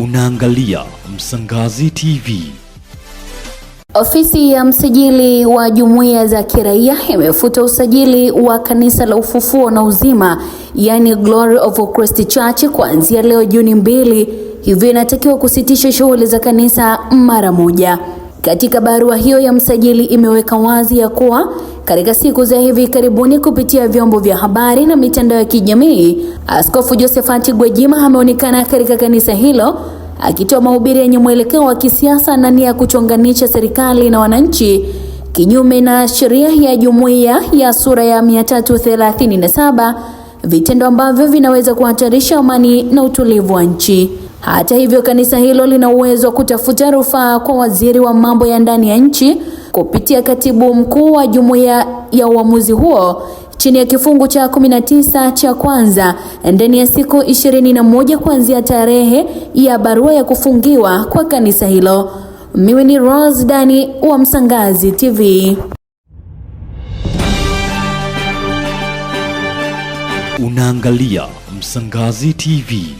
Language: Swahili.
Unaangalia Msangazi TV. Ofisi ya msajili wa jumuiya za kiraia imefuta usajili wa kanisa la ufufuo na uzima, yani Glory of Christ Church kuanzia leo Juni mbili, hivyo inatakiwa kusitisha shughuli za kanisa mara moja. Katika barua hiyo ya msajili imeweka wazi ya kuwa katika siku za hivi karibuni kupitia vyombo vya habari na mitandao ya kijamii, Askofu Josephat Gwajima ameonekana katika kanisa hilo akitoa mahubiri yenye mwelekeo wa kisiasa na nia ya kuchonganisha serikali na wananchi kinyume na sheria ya jumuiya ya sura ya 337, vitendo ambavyo vinaweza kuhatarisha amani na utulivu wa nchi. Hata hivyo, kanisa hilo lina uwezo wa kutafuta rufaa kwa waziri wa mambo ya ndani ya nchi kupitia katibu mkuu wa jumuiya ya uamuzi huo chini ya kifungu cha 19 cha kwanza ndani ya siku 21 moja kuanzia tarehe ya barua ya kufungiwa kwa kanisa hilo. Mimi ni Rose Dani wa Msangazi TV. Unaangalia Msangazi TV.